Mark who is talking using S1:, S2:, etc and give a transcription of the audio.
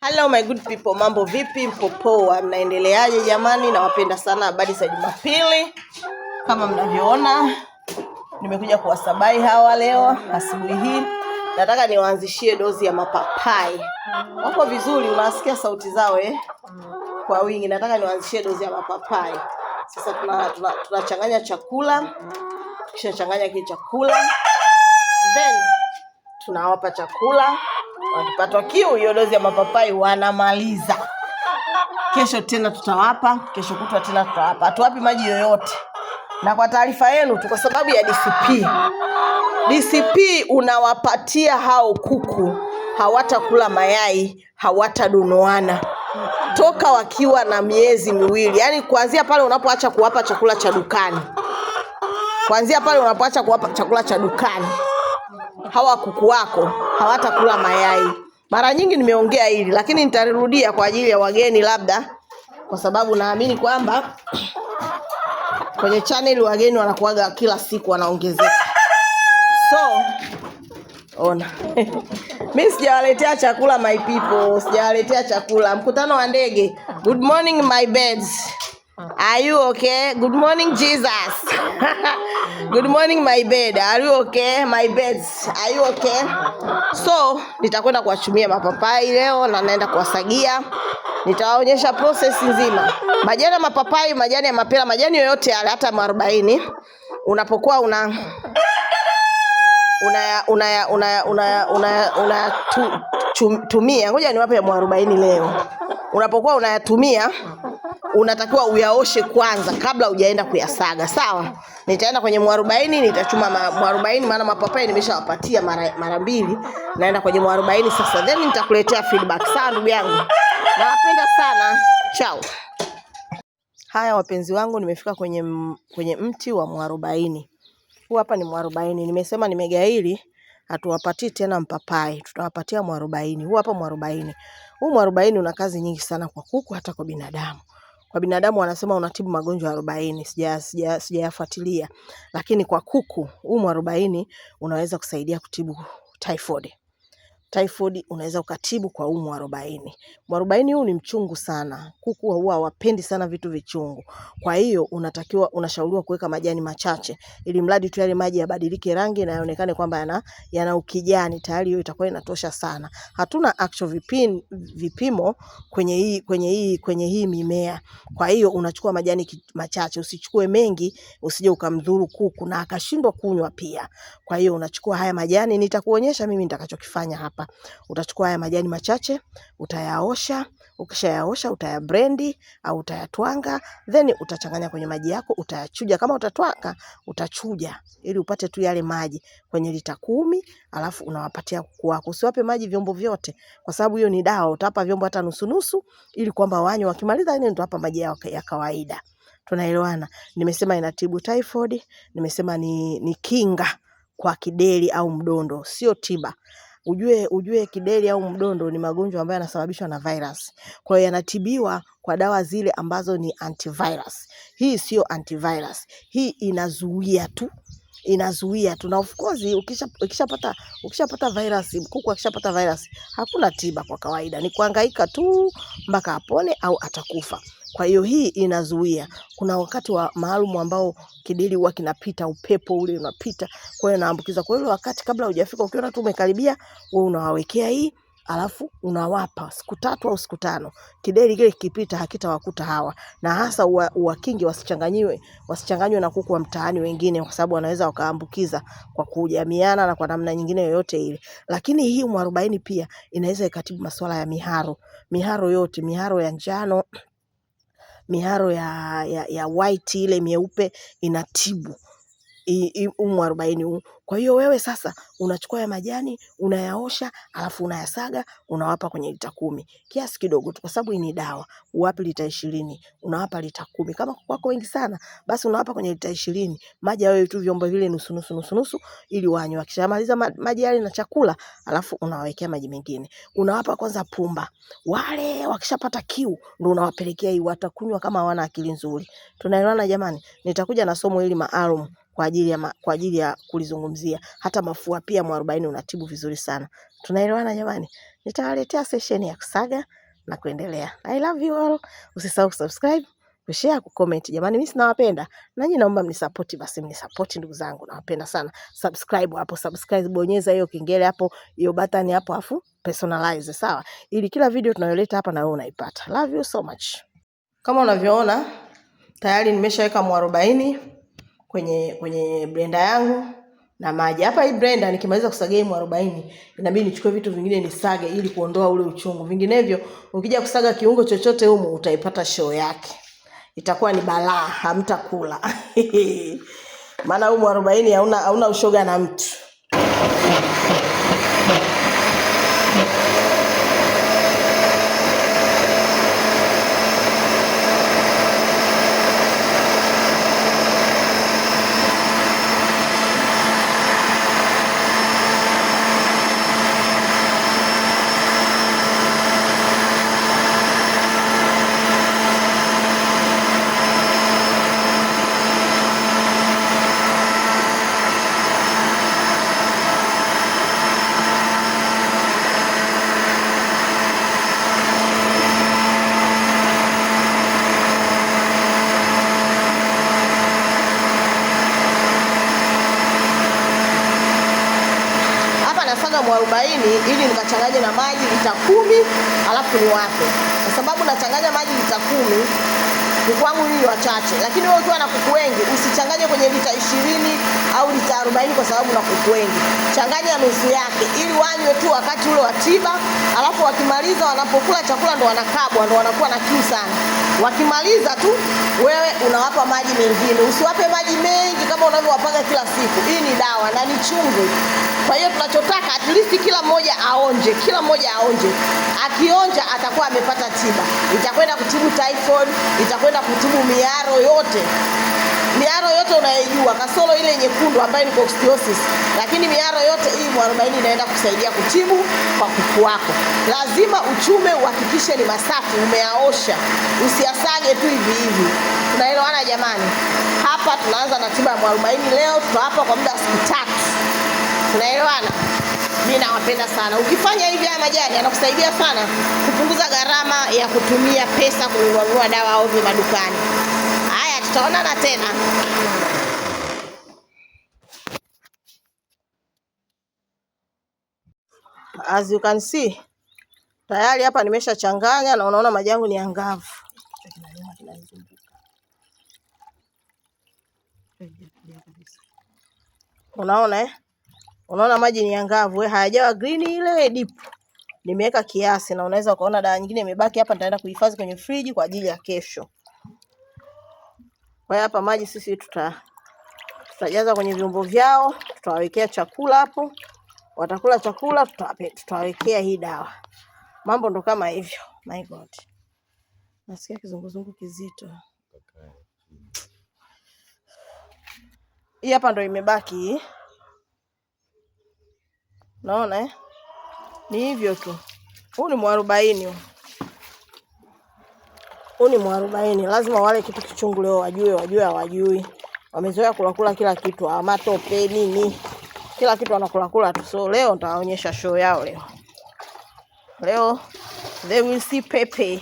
S1: Hello my good people, mambo vipi? Mpo poa? Mnaendeleaje jamani? Nawapenda sana. Habari za Jumapili, kama mnavyoona nimekuja kuwasabai hawa leo asubuhi hii. Nataka niwaanzishie dozi ya mapapai. Wako vizuri, unasikia sauti zao eh? Kwa wingi nataka niwaanzishie dozi ya mapapai. Sasa tunachanganya tuna, tuna chakula, tukishachanganya kile chakula then tunawapa chakula wakipatwa kiu hiyo dozi ya mapapai wanamaliza. Kesho tena tutawapa, kesho kutwa tena tutawapa, hatuwapi maji yoyote. Na kwa taarifa yenu tu, kwa sababu ya DCP, DCP unawapatia hao kuku, hawatakula mayai, hawatadonoana toka wakiwa na miezi miwili, yaani kuanzia pale unapoacha kuwapa chakula cha dukani, kuanzia pale unapoacha kuwapa chakula cha dukani hawa kuku wako hawatakula mayai. Mara nyingi nimeongea hili, lakini nitarudia kwa ajili ya wageni labda, kwa sababu naamini kwamba kwenye channel wageni wanakuaga kila siku wanaongezeka, so ona mi sijawaletea chakula my people, sijawaletea chakula. Mkutano wa ndege. Good morning my birds. Ah. Are you okay? Good morning, Jesus. Good morning, my bed. Are you okay? My beds. Are you okay? So, nitakwenda kuwachumia mapapai leo na naenda kuwasagia. Nitawaonyesha process nzima. Majani ya mapapai, majani ya mapera, majani yoyote yale hata mwarobaini unapokuwa una unaya unaya unaya unaya unaya una, tu, tumia. Ngoja niwape ya mwarobaini leo. Unapokuwa unayatumia unatakiwa uyaoshe kwanza kabla hujaenda kuyasaga. Sawa, nitaenda kwenye mwarobaini nitachuma mwarobaini maana mapapai nimeshawapatia mara, mara mbili. Naenda kwenye mwarobaini sasa, then nitakuletea feedback. Sawa ndugu yangu, nawapenda sana, chao. Haya wapenzi wangu, nimefika kwenye, kwenye mti wa mwarobaini. Huu hapa ni mwarobaini. Nimesema nimegaili hatuwapatii tena mpapai, tutawapatia mwarobaini. Huu hapa mwarobaini. Huu mwarobaini una kazi nyingi sana kwa kuku, hata kwa binadamu. Kwa binadamu wanasema unatibu magonjwa arobaini, sijayafuatilia. Lakini kwa kuku, huu mwarobaini unaweza kusaidia kutibu typhoid typhoid unaweza ukatibu kwa huu mwarobaini. Mwarobaini huu ni mchungu sana, kuku huwa hawapendi sana vitu vichungu. Kwa hiyo unatakiwa unashauriwa kuweka majani machache, ili mradi tu yale maji yabadilike rangi na yaonekane kwamba yana, yana ukijani tayari, hiyo itakuwa inatosha sana. Hatuna actual vipin, vipimo kwenye hii kwenye hii kwenye hii mimea. Kwa hiyo unachukua majani machache, usichukue mengi, usije ukamdhuru kuku na akashindwa kunywa pia. Kwa hiyo unachukua haya majani, nitakuonyesha mimi nitakachokifanya hapa hapa. Utachukua haya majani machache, utayaosha, ukishayaosha utayabrendi au utayatwanga, then utachanganya kwenye maji yako, utayachuja. Kama utatwanga, utachuja ili upate tu yale maji kwenye lita kumi, alafu unawapatia kuku wako. Usiwape maji vyombo vyote, kwa sababu hiyo ni dawa. Utawapa vyombo hata nusu nusu, ili kwamba wanywe, wakimaliza ile ndio hapa maji yao ya kawaida. Tunaelewana? Nimesema inatibu typhoid, nimesema ni, ni kinga kwa kideri au mdondo, sio tiba ujue, ujue kideri au mdondo ni magonjwa ambayo yanasababishwa na virus. Kwa hiyo yanatibiwa kwa dawa zile ambazo ni antivirus. Hii sio antivirus, hii inazuia tu inazuia tu na of course ukishapata ukisha ukishapata virus, kuku akishapata virus hakuna tiba kwa kawaida, ni kuhangaika tu mpaka apone au atakufa. Kwa hiyo hii inazuia. Kuna wakati wa maalumu ambao kidili huwa kinapita, upepo ule unapita, kwa hiyo inaambukiza. Kwa hiyo wakati kabla hujafika, ukiona tu umekaribia, wewe unawawekea hii alafu unawapa siku tatu au siku tano, kideri kile kikipita hakitawakuta hawa, na hasa uwakingi uwakinge wasichanganyiwe, wasichanganywe na kuku wa mtaani wengine, kwa sababu wanaweza wakaambukiza kwa kujamiana na kwa namna nyingine yoyote ile. Lakini hii mwarobaini pia inaweza ikatibu masuala ya miharo, miharo yote, miharo ya njano miharo ya white ile mieupe inatibu huu mwarobaini huu. Kwa hiyo wewe sasa unachukua ya majani, unayaosha, alafu unayasaga, unawapa kwenye lita kumi. Kiasi kidogo tu kwa sababu hii ni dawa. Uwapi lita ishirini, unawapa lita kumi. Kama kwako wengi sana, basi unawapa kwenye lita ishirini. Maji yawe tu vyombo vile nusu nusu nusu nusu ili wanywe. Wakishamaliza maji yale na chakula, alafu unawawekea maji mengine. Unawapa kwanza pumba. Wale wakishapata kiu ndo unawapelekea hii watakunywa kama hawana akili nzuri. Tunaelewana jamani? Nitakuja na somo hili maalum kwa ajili ya, ma, kwa ajili ya kulizungumzia. Hata mafua pia mwarobaini unatibu vizuri sana. Tunaelewana jamani? Nitawaletea session ya kusaga na kuendelea. I love you all. Usisahau kusubscribe, kushare, kucomment. Jamani, mimi sinawapenda. Nanyi naomba mnisapoti basi, mnisapoti ndugu zangu, nawapenda sana. Subscribe hapo, subscribe, bonyeza hiyo kengele hapo, hiyo button hapo afu personalize, sawa? Ili kila video tunayoleta hapa na wewe unaipata. Love you so much. Kama unavyoona tayari nimeshaweka mwarobaini kwenye kwenye blender yangu na maji. Hapa hii blender nikimaliza kusaga 40, inabidi nichukue vitu vingine nisage ili kuondoa ule uchungu. Vinginevyo ukija kusaga kiungo chochote humo utaipata show yake. Itakuwa ni balaa, hamtakula. Maana huu 40 hauna hauna ushoga na mtu. 40 ili nikachanganye na maji lita kumi alafu niwape, kwa sababu nachanganya maji lita kumi kwangu hii wachache, lakini wewe ukiwa na kuku wengi usichanganye kwenye lita ishirini au lita arobaini kwa sababu na kuku wengi, changanya nusu yake ili wanywe tu wakati ule wa tiba alafu wakimaliza, wanapokula chakula ndo wanakabwa, ndo wanakuwa na kiu sana. Wakimaliza tu wewe unawapa maji mengine, usiwape maji mengi kama unavyowapaga kila siku. Hii ni dawa na ni chungu. Kwa hiyo tunachotaka at least kila mmoja aonje, kila mmoja aonje. Akionja atakuwa amepata tiba, itakwenda kutibu typhoid, itakwenda kutibu miaro yote miaro yote unayoijua kasoro ile nyekundu ambayo ni coccidiosis, lakini miaro yote hii mwarobaini inaenda kusaidia kutibu kwa kuku wako. Lazima uchume uhakikishe ni masafi, umeaosha, usiasage tu hivi hivi. Tunaelewana jamani? Hapa tunaanza na tiba ya mwarobaini leo, tutawapa kwa muda wa siku tatu. Tunaelewana? Mimi nawapenda sana. Ukifanya hivi, haya majani yanakusaidia sana kupunguza gharama ya kutumia pesa kununua dawa ovyo madukani tutaonana tena. As you can see, tayari hapa nimeshachanganya na unaona maji yangu ni angavu. Unaona eh? Unaona maji ni angavu eh, hayajawa green ile deep. Nimeweka kiasi na unaweza ukaona dawa nyingine imebaki hapa, nitaenda kuhifadhi kwenye friji kwa ajili ya kesho. Kwa hiyo hapa maji sisi tuta tutajaza kwenye vyombo vyao, tutawawekea chakula hapo, watakula chakula, tutawawekea hii dawa. Mambo ndo kama hivyo. My God, nasikia kizunguzungu kizito. Hii hapa ndo imebaki naona eh? Ni hivyo tu, huu ni mwarobaini huu huu ni mwarobaini, lazima wale kitu kichungu leo, wajue wajue, hawajui wamezoea kulakula kila kitu, matope nini, kila kitu wanakulakula tu. So leo nitawaonyesha show yao leo, leo they will see pepe.